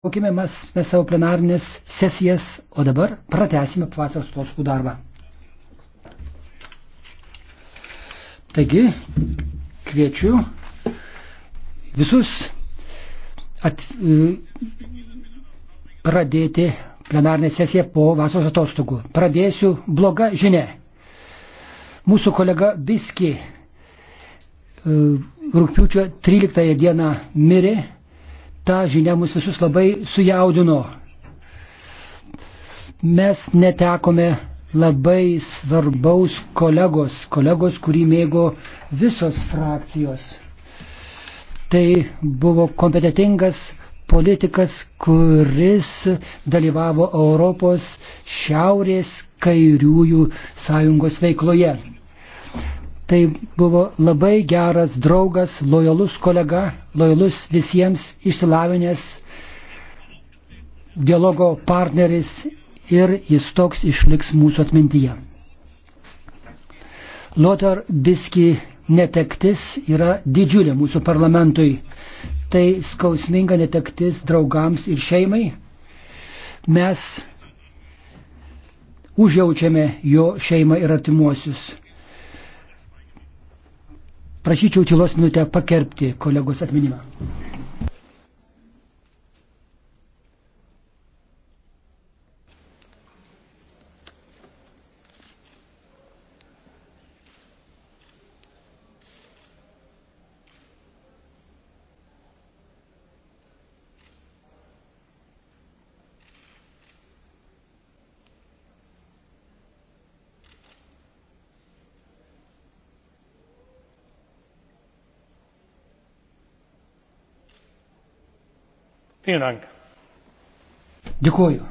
Kokime mes, mes savo plenarnės sesijas, o dabar pratesime vasaros atostogų darbą. Taigi, kviečiu visus at, e, pradėti plenarnę sesiją po vasaros atostogų. Pradėsiu bloga žinia. Mūsų kolega Biski e, rūpiučio 13 dieną mirė ta žinia mus visus labai sujaudino. Mes netekome labai svarbaus kolegos, kolegos, kurį mėgo visos frakcijos. Tai buvo kompetitingas politikas, kuris dalyvavo Europos šiaurės kairiųjų sąjungos veikloje. Tai buvo labai geras draugas, lojalus kolega, lojalus visiems išsilavinęs dialogo partneris ir jis toks išliks mūsų atmintyje. Lothar Biski netektis yra didžiulė mūsų parlamentui. Tai skausminga netektis draugams ir šeimai. Mes užjaučiame jo šeimą ir artimuosius. Prašyčiau tylos minutę pakerpti kolegos atminimą. Dėkuoju.